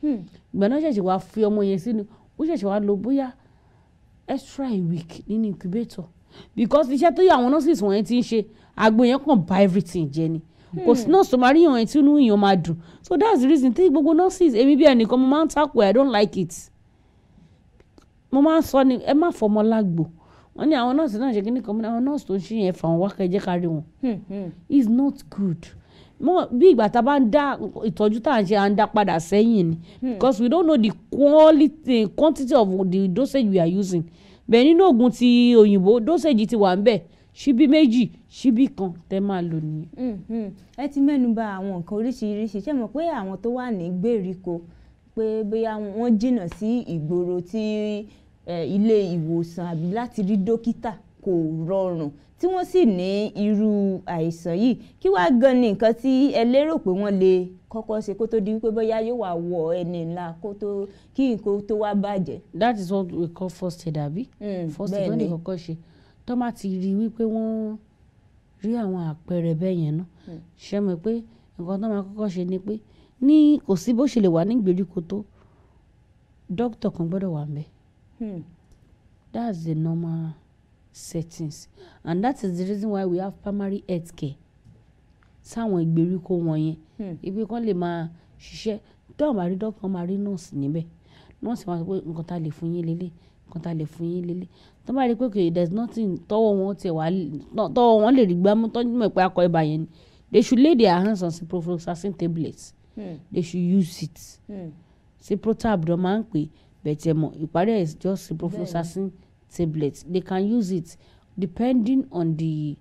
Hmm. ìgbà náà ṣẹ̀ṣẹ̀ wá fi ọmọ yẹn sínú ó ṣẹ̀ṣẹ̀ wá lọ bóyá extra a week nínú incubator because iṣẹ́ tó yẹ àwọn nurses wọ̀nyẹn ti ń ṣe àgbo yẹn kàn bà everything jẹ́ ni kò sí hmm. nọ́ọ̀sì tó máa rí ìyàn ẹ̀ tí inú ìyàn máa dùn so that's the reason tí gbogbo nurses èmi bí ẹnìkan mo máa ń tako ẹ̀ i don't like it mo máa ń sọ ni ẹ má fọmọ lágbo wọn ní àwọn nọ́ọ̀sì náà ṣe kí ní kan àwọn nọ́ọ̀sì tó ń ṣe yẹn fà wọn wá kẹjẹ kárí wọn it's not good mọ bí ìgbà tá a bá ń dá ìtọ́jú tá à ń ṣe à ń dá padà sẹ́yìn ni hmm. because we don't know the quality quantity of the dosage we are using bẹ́ẹ̀ nínú oògùn ti òyìnbó dosage ti wà ń bẹ̀ ṣíbí méjì ṣíbí kan tẹ́ máa lò nìyẹn. Hmm, hmm. ẹ ti mẹ́nu bà àwọn nǹkan oríṣiríṣi ṣé mọ̀ pé àwọn tó wà ní gbèríko pé bóyá wọ́n jìnnà sí ìgboro tí ilé ìwòsàn àbí láti rí dókítà kò rọrùn tí wọ́n sì ní irú àìsàn yìí kí wàá gan ni nǹkan tí ẹ lérò pé wọ́n lè kọ́kọ́ ṣe kó tó di wípé bóyá yóò wá wọ ẹni ńlá kó tó kí nǹkan tó wá bàjẹ́. that is what we call first aid àbí. Hmm, first aid lónìí kọ́kọ́ ṣe tó má ti rí wípé wọ́n rí àwọn àpẹẹrẹ bẹ́ẹ̀ yẹn náà hmm. ṣe mọ̀ pé nǹkan tó máa kọ́kọ́ ṣe ni pé ní kò sí bó ṣe lè wà ní ìgbèríko tó dókítà kan gbọ́dọ̀ wà ń bẹ̀. Hmm. that's the normal settings and that is the reason why we have primary health care sáwọn ìgbèríko wọ̀nyẹn hmm. ibi kan lè máa ṣiṣẹ́ tó àwọn àrí dọ́kítà máa rí nọ́ọ̀sì níbẹ̀ nọ́ọ̀sì máa sọ pé nǹkan tá a lè fún yín lélẹ̀ nǹkan tá lè fún yín lélẹ̀ tó bá rí pé kò there is nothing tọwọ́ wọn tiẹ̀ wá tọwọ́ wọn lè rí gbámú tọ́jú mọ̀ pé akọ ibà yẹn ni they should lay their hands on ciprofloxacin tablets hmm. they should use it hmm. ciprotab dọ́ máa ń pè bẹ̀tẹ̀ mọ̀ ẹ̀ just ciprofloxacin tablets tablets. They can use it depending on the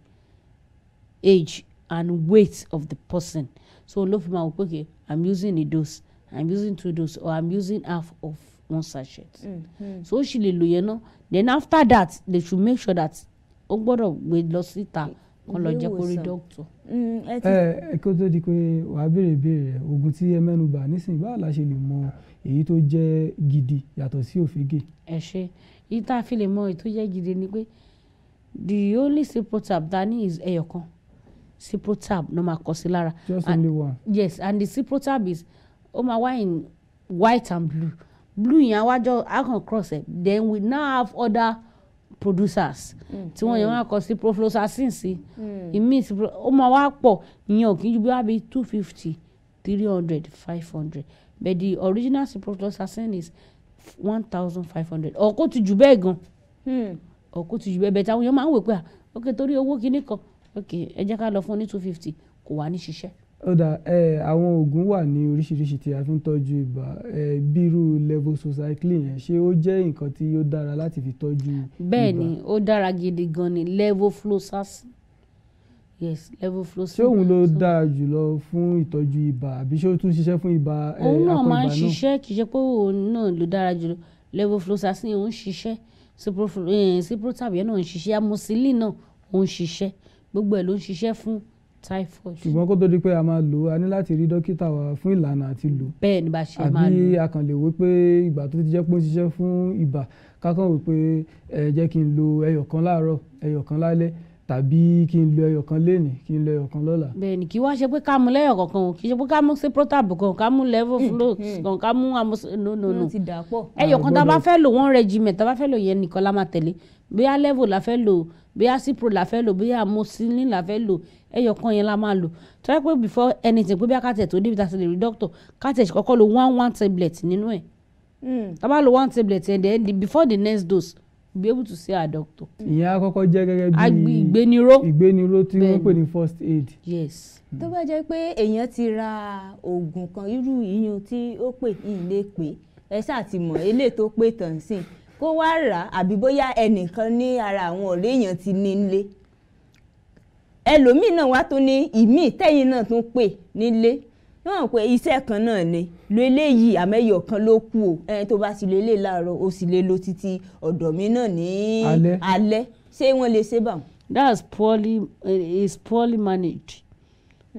age and weight of the person. So Olofima will okay, I'm using a dose, I'm using two doses, or I'm using half of one sachet. Mm-hmm. So she you know, Then after that, they should make sure that ó gbọ́dọ̀ gbé lọ mm, tó di pé wàá béèrè béèrè oògùn tí ẹ mẹ́nu bà nísìnyí báwo la ṣe lè mọ èyí tó jẹ́ gidi yàtọ̀ sí òfégè. ẹ ṣe èyí tá a fi lè mọ èyí tó gidi ni pé the only ciprotab ta ní is ẹyọ kan ciprotab ló máa kọ sí lára just and, only one yes and the ciprotab is ó máa wá in white and blue blue yẹn awájọ akàn cross ẹ then we now have other producers mm. tí wọ́n yẹn wọ́n á kọ sí profloxacin sí mm. ìmí ó máa wá pọ̀ ìyẹn ò kí ju bí wá bí two fifty three hundred five hundred but the original ciprofloxacin is one thousand five hundred ọ̀kọ́ ti jù bẹ́ẹ̀ gan hmm. ọ̀kọ́ ti jù bẹ́ẹ̀ bẹ́ẹ̀ táwọn èèyàn máa ń wò pé à ah, ok torí owó kinní kan ok ẹ jẹ́ ká lọ fún ní two fifty kò wá ní ṣiṣẹ́. ó dà ẹ àwọn oògùn wà ní oríṣiríṣi tí a fi ń tọ́jú ibà ẹ bírú levosocycline yẹn ṣé ó jẹ́ nǹkan tí ó dára láti fi tọ́jú ibà. bẹ́ẹ̀ ni ó dára gidi gan ni levofloxacin yes level Flosin. ṣé òun ló dáa jùlọ fún ìtọ́jú ibà àbí ṣé ó tún ṣiṣẹ́ fún ibà akọ ibà náà. òun náà máa ń ṣiṣẹ́ kì í ṣe pé òun náà ló dára jùlọ level Flosin òun ṣiṣẹ́ ciprotab yẹn náà ń ṣiṣẹ́ amoxicillin náà òun ṣiṣẹ́ gbogbo ẹ̀ ló ń ṣiṣẹ́ fún typhoid. ṣùgbọ́n kó tó di pé a máa lò a ní láti rí dókítà wa fún ìlànà àti lò. bẹ́ẹ̀ ni bá ṣe máa lò àbí a kàn lè wí pé ìgbà tó ti jẹ́ pé ó ń ṣiṣẹ́ fún ibà kákan wí pé ẹ jẹ́ kí n lo ẹyọ̀kan láàárọ̀ ẹyọ̀kan lálẹ́ tàbí kí n lo ẹyọ kan lénìí kí n lo ẹyọ kan lọ́la. bẹ́ẹ̀ni kí wàá ṣe pé ká mú lẹ́yọ̀ kankan o kì í ṣe pé ká mú ciprotab kan ká mú level hmm, flow hmm. kan ká mú amos no no no ẹyọ kan tá a bá fẹ́ lò one regimen tá a bá fẹ́ lò yẹn nìkan la máa tẹ̀lé bóyá level la fẹ́ lò bóyá cipro la fẹ́ lò bóyá amoxicillin la fẹ́ lò ẹyọ kan yẹn la máa lò tó yẹ pé before anything pé bí a ká tẹ̀ tó débi tá a ti lè rí doctor ká kọ́kọ́ lo one one tablet nínú ẹ̀ hmm. tá a bá lo one tablet ẹ̀ then before the next dose be able to see her doctor. ìyẹn á kọ́kọ́ jẹ́ gẹ́gẹ́ bí ìgbéniró ìgbéniró tí wọ́n pè ní first aid. yes. Hmm. tó bá jẹ́ pé èèyàn ti ra oògùn kan irú ìyún tí ó pè yìí lè pè ẹ ṣáà ti mọ̀ eléyìí tó pè tàn sí kó wá rà àbí bóyá ẹnìkan ní ara àwọn ọ̀rẹ́ èèyàn ti ní nílé ẹlòmíì náà wá tó ní ìmíì tẹ́yìn náà tún pè nílé wọ́n mọ̀ pé iṣẹ́ kan náà ni lo eléyìí àmẹ́yọ̀ kan ló kù o ẹni tó bá sì lè lè láàárọ̀ o sì lè lo títí ọ̀dọ̀ mi náà ní alẹ́ ṣé wọ́n lè ṣe bá wọn. that's poorly uh, is poorly managed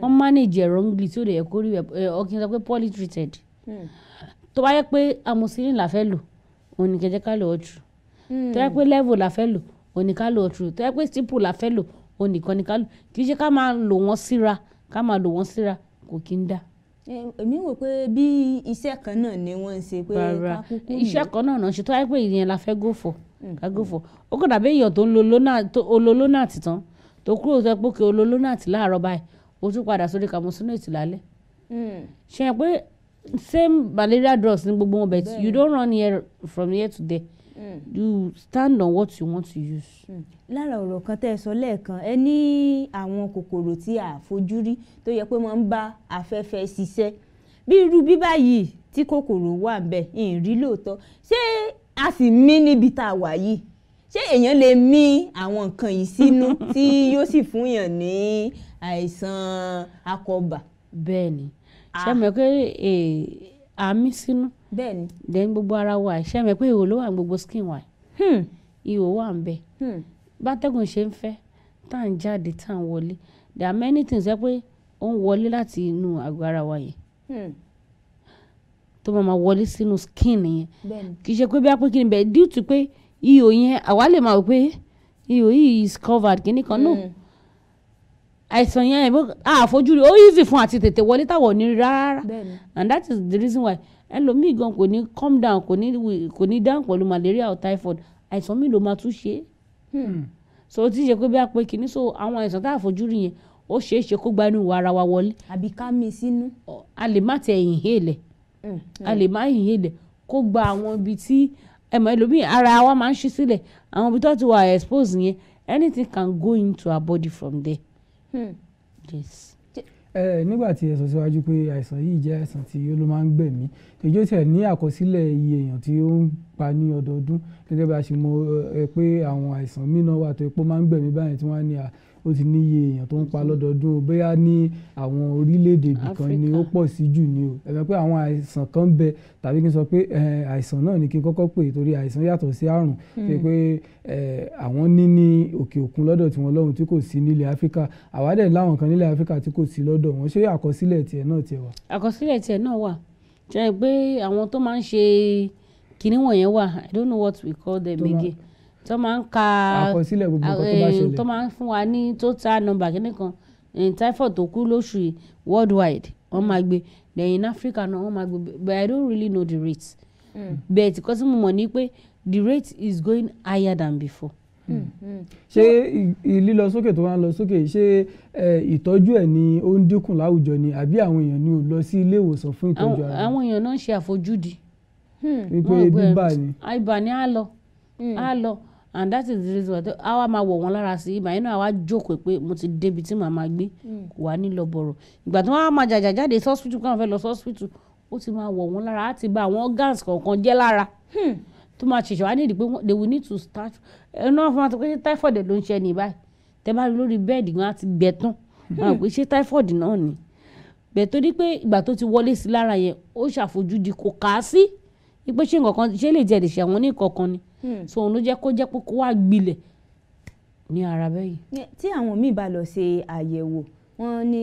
wọ́n hmm. manage ẹ̀ wrongly tí ó lè yẹ kó rí ẹ̀ ọkàn sọ pé poorly treated hmm. tó bá yẹ pé amoxicillin la fẹ́ lò òun ní kẹjẹ ká lò ó jù tó yẹ hmm. pé level la fẹ́ lò òun ní ká lò ó jù tó yẹ pé stipple la fẹ́ lò òun nìkan ní ká lò kì í ṣe ká máa lò wọ́n síra ká máa lò wọ́n síra kò kí ń dáa èmi wò pé bí iṣẹ́ kan náà ni wọ́n ń ṣe pé kákúkú yìí iṣẹ́ kan náà náà ṣe tó wáyé ìyẹn la fẹ́ gòfò mm. ká ó kàn dàbí èèyàn tó ń lo lonart tán tó kúrò tó pé kí o lo lonart láàárọ̀ báyìí o tún padà sórí kamosinate lálẹ́ mm. ṣe pé same malaria drugs ni gbogbo wọn but you don't run here from here to there Hmm. you stand on what you want to use. Hmm. lára ọ̀rọ̀ kan tẹ́ ẹ sọ lẹ́ẹ̀kan ẹ ní àwọn kòkòrò tí a fojú rí tó yẹ pé wọ́n ń bá afẹ́fẹ́ ṣiṣẹ́ bí irú bíbá yìí tí kòkòrò wà ń bẹ ìrìn lóòótọ́ ṣé a sì mí níbi tá a wà yìí ṣé èèyàn lè mí àwọn nǹkan yìí sínú tí yóò sì fún yàn ní àìsàn akọbà. bẹ́ẹ̀ni ṣé ah. mo kéré àmì eh, sínú bẹ́ẹ̀ni then gbogbo ara wa ṣe mọ̀ pé ihò ló wà gbogbo skin wa ihò hmm. wà ń bẹ hmm. bátẹ́gùn ṣe ń fẹ́ tá à ń jáde tá à ń wọlé there are many things ẹ pé ó ń wọlé láti inú àgọ́ ara wa yẹn hmm. tó máa ma wọlé sínú skin yẹn kì í ṣe pé bí a pé kí ni bẹ́ẹ̀ due to pé ihò yẹn àwa lè máa wò pé ihò yìí is covered kìíní kan náà àìsàn yẹn àfojúrí ó easy fún àti tètè wọlé táwọn ò ní rárá and that is the reason why ẹlòmíì gan kò ní come down kò ní kò ní down pẹ̀lú malaria or typhoid àìsàn mi ló máa tún ṣe é hmm. so ó ti ṣe pé bí a pé kìíní so àwọn àìsàn tá a fojú rí yẹn ó ṣeé ṣe kó gba inú ara wa wọlé. àbí ká mi sínú. a lè má tẹ inhale hmm, hmm. a lè má inhale kó gba àwọn ibi tí ẹmọ ẹlòmíì ara wa máa ń ṣí sílẹ̀ àwọn ibi tó ti wà expose yẹn anything can go into our body from there. Hmm. Yes nígbà tí ẹ sọ síwájú pé àìsàn yìí jẹ́ àìsàn tí ó ló máa ń gbẹ̀mí ìjọ tiẹ̀ ní àkọsílẹ̀ iye èèyàn tí ó ń pa ní ọdọọdún gẹ́gẹ́ bá a ṣe mọ̀ pé àwọn àìsàn mìíràn wà tó pé ó máa ń gbẹ̀mí báyìí tí wọ́n á ní ó ti níye èèyàn tó ń pa lọ́dọọdún bóyá ní àwọn orílẹ̀-èdè ibìkan ni ó pọ̀ sí jù ni o ẹ̀fẹ̀ pé àwọn àìsàn kan bẹ tàbí kí n sọ pé àìsàn náà ni kí n kọ́kọ́ pè torí àìsàn yàtọ̀ sí àrùn hmm. pé pé àwọn ní ní òkè òkun lọ́dọ̀ tí wọ́n lọ́hùn tí kò sí nílẹ̀ áfíríkà àwa dẹ̀ láwọn kan nílẹ̀ áfíríkà tí kò sí lọ́dọ̀ wọn ṣé àkọsílẹ̀ tiẹ̀ náà tiẹ̀ wà. àkọsílẹ̀ tiẹ̀ náà wà jẹ́ pé àwọn tó máa ń ṣe kinní wọ̀nyẹn wà i don't know what we call them again tó máa ń ka àkọsílẹ̀ gbogbo nǹkan tó bá eh, ṣẹlẹ̀ tó máa ń fún wa ní total number kìíní kan eh, typhoid tó kú lóṣù worldwide wọ́n máa gbé then in Africa náà wọ́n máa gbé but I don't really know the rate hmm. but kò tí mo mọ̀ ní pé the rate is going higher than before. Hmm, hmm. ṣé lílọ sókè tó wá ń lọ sókè ṣé ìtọ́jú ẹ̀ ni ó ń dínkù láwùjọ ni àbí àwọn èèyàn ni ò lọ sí ilé ìwòsàn fún ìtọ́jú ara àwọn èèyàn náà ṣe àfojúdi. wípé bíbà ni. àìbà ni á lọ á lọ and that is the reason why a wá máa wọ̀ wọ́n lára sí ibà yẹn náà a wá jókòó pé mo ti débi tí màá máa gbé kò hmm. wá nílọ bọ̀rọ̀ ìgbà tí wọ́n á máa jàjà jáde sọ́sìpìtù káwọn fẹ́ lọ sọ́sìpìtù ó ti máa wọ̀ wọ́n lára á ti bà àwọn organs kọ̀ọ̀kan jẹ́ lára hmm. tó máa ṣèṣọ́ á nídìí pé they will need to start ẹnu àwọn fún wa pé ṣé typhoid ló ń ṣe ní báyìí tẹ bá rí lórí bẹ́ẹ̀dì gan á ti gbẹ tán máa pé ṣé typhoid náà ni bẹ́ẹ̀ tó ní pé ìgbà tó ti wọlé sí lára yẹn ó ṣàfojúdi kò kà á sí pé ṣé nǹkan kan ṣé lè jẹ́ ẹ̀dẹ̀ ṣe àwọn oníkankan ni Hmm. so òun ló jẹ́ kó jẹ́ pé kó wá gbilẹ̀ ní ara bẹ́yìn. tí àwọn míì bá lọ ṣe àyẹ̀wò wọ́n ní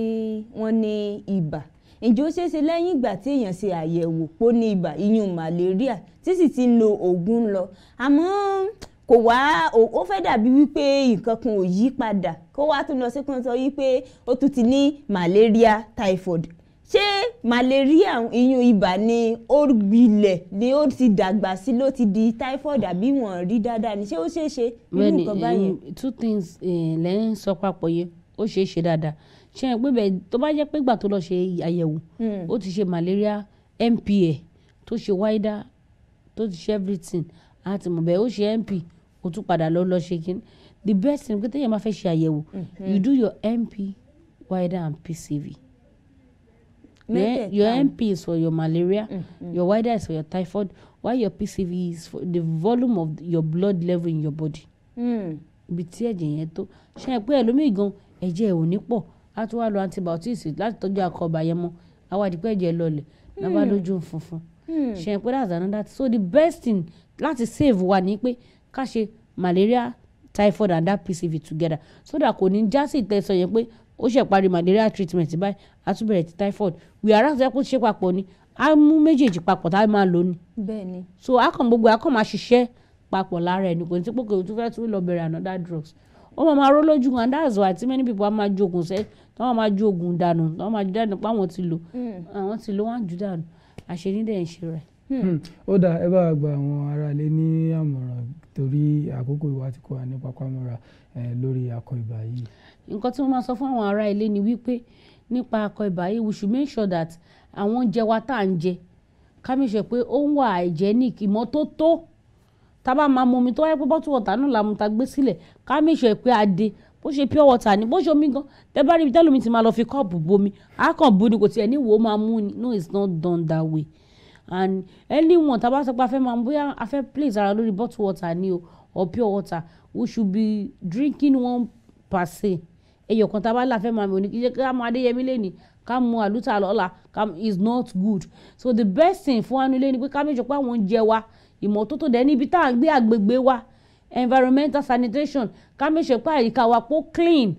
wọ́n ní ibà ǹjẹ́ ó ṣeéṣe lẹ́yìn ìgbà tí èèyàn ṣe àyẹ̀wò pó ní ibà iyún màlẹ́ríà tí sì ti ń lo oògùn lọ àmọ́ kò wá ó fẹ́ dàbí wípé nǹkan kan ò yí padà kó wá tún lọ sí pé ó tún ti ní màlẹ́ríà typhoid ṣé malaria iyun ibà ni ó gbilẹ̀ ni ó ti dàgbà sí ló ti di typhoid àbí wọ́n rí dáadáa ni ṣé ó ṣeé ṣe irú nǹkan báyẹn. two things eh, lẹ́yìn sọ papọ̀ yẹn ó ṣeé ṣe dáadáa ṣe é pé bẹ́ẹ̀ tó bá jẹ́ pé ìgbà tó lọ ṣe àyẹ̀wò hmm. ó ti ṣe malaria MPA tó ṣe wider, tó ti ṣe everything àti mọ̀ bẹ́ẹ̀ ó ṣe MP ó tún padà lọ lọ ṣe kí the best thing pé téèyàn máa fẹ́ ṣe àyẹ̀wò hmm, hmm. you do your MP wider and PCV. Metheta. your MP is for your malaria, mm-hmm. your WIDA is for your typhoid, Why your PCV is for the volume of your blood level in your body. Mm. ibi tí ẹ̀jẹ̀ yẹn tó ṣe é pé ẹlòmíì gan ẹ̀jẹ̀ ẹ̀ ò ní pọ̀ á tún wá lo antibiotics láti tọ́jú akọ̀ọ̀bà yẹn mọ́ àwa àdìpẹ́ ẹ̀jẹ̀ lọlẹ̀ lábá mm. lójú funfun ṣe é pé that's another thing so the best thing láti save wa ni pé ká ṣe malaria typhoid and that PCV together so that kò ní já sí ìtẹ̀sọ̀ yẹn pé ó ṣe parí malaria treatment báyìí a tún bẹ̀rẹ̀ ti typhoid wíwárà tó yẹ kó ṣe papọ̀ ni a mú méjèèjì papọ̀ tá a máa lò ni. bẹ́ẹ̀ni. so a kàn gbogbo a kàn máa ṣiṣẹ́ papọ̀ lára ẹni kò ní tí pòkè tó fẹ́ tún lọ bẹ̀rẹ̀ another drugs ó máa máa ró lójú and that's why tí many people á máa ju oògùn sẹ́ tí wọ́n máa ju oògùn dànù tí wọ́n máa ju dànù pé àwọn ti lò hmm. àwọn ti lò wọ́n á ju dànù àṣeyíndẹ̀ ń ṣe rẹ̀. Hmm. Hmm. ó dáa ẹ bá gba àwọn aráalé ní àmọ̀ràn torí àkókò ìwà tí kò wà ní papámọ́ra lórí akọ ibà yìí nǹkan tí mo máa sọ fún àwọn ará ilé ni wípé nípa akọ ibà we should make sure that àwọn oúnjẹ wa tá à ń jẹ ká mi ṣe pé ó ń wà hygienic ìmọ́tótó tá a bá máa mu omi tó wáyé pé bottle water náà la mu ta gbé sílẹ̀ ká mi ṣe pé a de bó ṣe pure water ni bó ṣe omi gan tẹ bá rí ibi tẹ́lómi ti máa lọ fi kọ́ọ̀pù bomi á kàn bu ni kò tiẹ̀ níwò ó máa mú ni no it's not done that way and anyone tá a bá sọ pé a fẹ́ máa bóyá a fẹ́ place ara lórí bottle water ni o or pure water we should be drinking one per se ẹyọ kan tá a bá là fẹ́ máa mi ò ní kí jẹ́ ká mú adéyẹmí lẹ́ni ká mú àlùtà lọ́la is not good so the best thing fún wa nílé ni pé ká méjọ pé àwọn oúnjẹ wa ìmọ́tótó dẹ̀ níbi tá à ń gbé àgbègbè wa environmental sanitation ká méjọ pé àyíká wa pó clean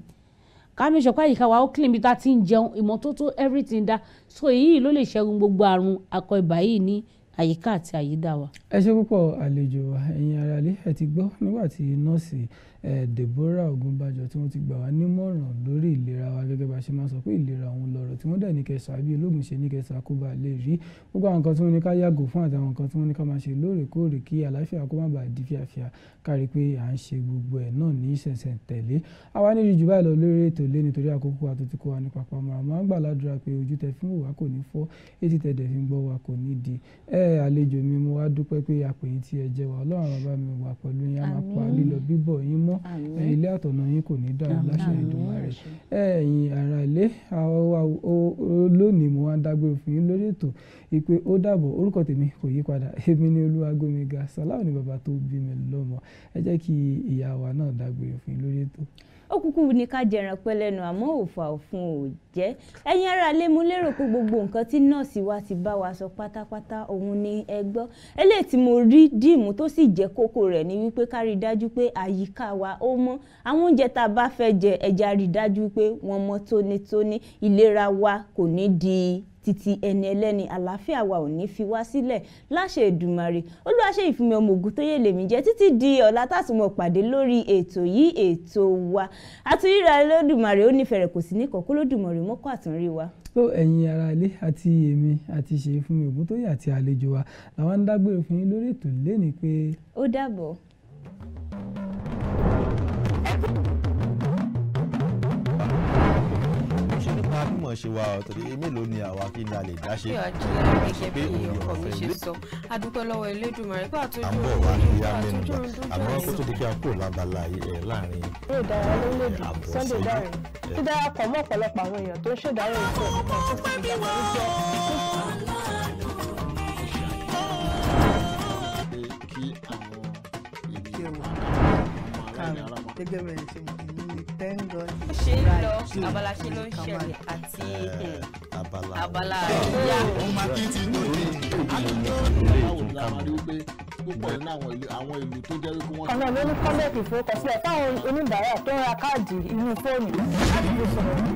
ká méjọ pé àyíká wa ó clean bí tá ti ń jẹun ìmọ́tótó everything dá so èyí ló lè ṣẹ́gun gbogbo àrùn akọ ibà yìí ní àyíká àti àyídà wa. ẹ ṣe púpọ̀ àlejò ẹ̀yin aráalé ẹ ti gbọ́ nígbà tí nọ́ọ̀sì Deborah Ògúnbàjọ tí wọ́n ti gbà wá nímọ̀ràn lórí ìlera wa gẹ́gẹ́ bá ṣe máa ń sọ pé ìlera òun lọrọ̀ tí wọ́n dẹ̀ ní kẹ́ sá bí olóògùn ṣe ní kẹ́ sá kó ba lè rí. Gbogbo àwọn nǹkan tí wọ́n ní ká yàgò fún àtàwọn nǹkan tí wọ́n ní ká máa ṣe lóòrèkóòrè kí àlàáfíà kó má baà di fíafíà ká rí pé à ń ṣe gbogbo ẹ̀ náà ní ṣẹ̀ṣẹ̀ tẹ̀lé. Àwa ní ju báyìí lọ lórí ètò lé nítorí àkókò wa tó ti kó wa ní papamọ́ra. A máa ń gbà pé ojú tẹ fi ń kò ní fọ́, etí tẹ dẹ̀ fi ń gbọ́ wa kò ní di. Ẹ àlejò mi mo wá dúpẹ́ pé a ẹ jẹ́ wa. Ọlọ́run á bá mi wà pẹ̀lú yín, á máa pa lílọ bíbọ̀ yín mọ́ mọ́ ilé àtọ̀nà yín kò ní dàrú láṣẹ Èdùmàrè ẹ̀yin ará ilé lónìí mo wá ń dágbére fún yín lórí ètò ìpè ó dàbọ̀ orúkọ tèmi kò yí padà èmi ni Olúwagbémiga Sàláù ni bàbá tó bí mi lọ́mọ ẹ jẹ́ kí ìyá wa náà dágbére fún yín lórí ètò ó kúkú ní ká jẹran pẹ́ lẹ́nu àmọ́ òfà òfun ò jẹ́ ẹ̀yin ará lé mo lérò pé gbogbo nǹkan tí nọ́ọ̀sì wa ti bá wa sọ pátápátá òun ni ẹ gbọ́ eléyìí tí mo rí dìmú tó sì jẹ́ kókó rẹ̀ ni wípé ká rí dájú pé àyíká wa ó mọ́ àwọn oúnjẹ tá a bá fẹ́ jẹ ẹja rí dájú pé wọ́n mọ́ tónítóní ìlera wa kò ní di títí ẹni ẹlẹ́ni àlàáfíà wa ò ní fi wá sílẹ̀ láṣẹ Èdùmàrè olúwaṣẹ́ ìfúnmi ọmọ ògùn tó yé lèmi jẹ́ títí di ọ̀la tásùmọ̀ pàdé lórí ètò yìí ètò wa àtúnyíra Olódùmarè ó nífẹ̀ẹ́ rẹ̀ kò sí ní kọ̀ọ̀kọ́ Olódùmarè mọ́kọ́ àtúnrí wa. tó ẹ̀yin ará ilé àti èmi àti ṣe ìfúnmi ògùn tó yé àti àlejò wa làwọn ń dágbére fún yín lórí ètò lẹ́ni pé. ó dàbọ̀. mọ̀ ṣe wa ọ̀tọ̀dé mélòó ni àwa kí ni a lè dá ṣe. bí àjíyá gẹ́gẹ́ bí mi ṣe sọ adúpẹ́ lọ́wọ́ Elédùmarè pé àmọ́ kó tó di pé a kúrò lábala ẹ̀ láàrin. yóò dára lórílẹ̀‐èdè Sunday dáre tó darapọ̀ mọ́ ọ̀pọ̀lọpọ̀ àwọn èèyàn tó ń ṣèdárò ìfẹ́ àti ìgbàgbọ́ kí àwọn ìlú àwọn aláìní ara wọn. gẹ́gẹ́ bẹ́ẹ̀ ṣe mọ̀ ní ṣe ń lọ hmm. abala ṣe ló ń ṣẹlẹ̀ àti eh, hmm, abala ìyá. ọmọ akin ti ní àlùkò báwo ni a rí pé púpọ̀ nínú àwọn ìlú àwọn ìlú tó jẹ́ wípé wọ́n. ọ̀nà ló ní kọ́lẹ́ẹ̀kì ìfowópamọ́sílẹ̀ fáwọn oníbàárà tó ń ra káàdì inú fóònù láti fi sọ̀rọ̀.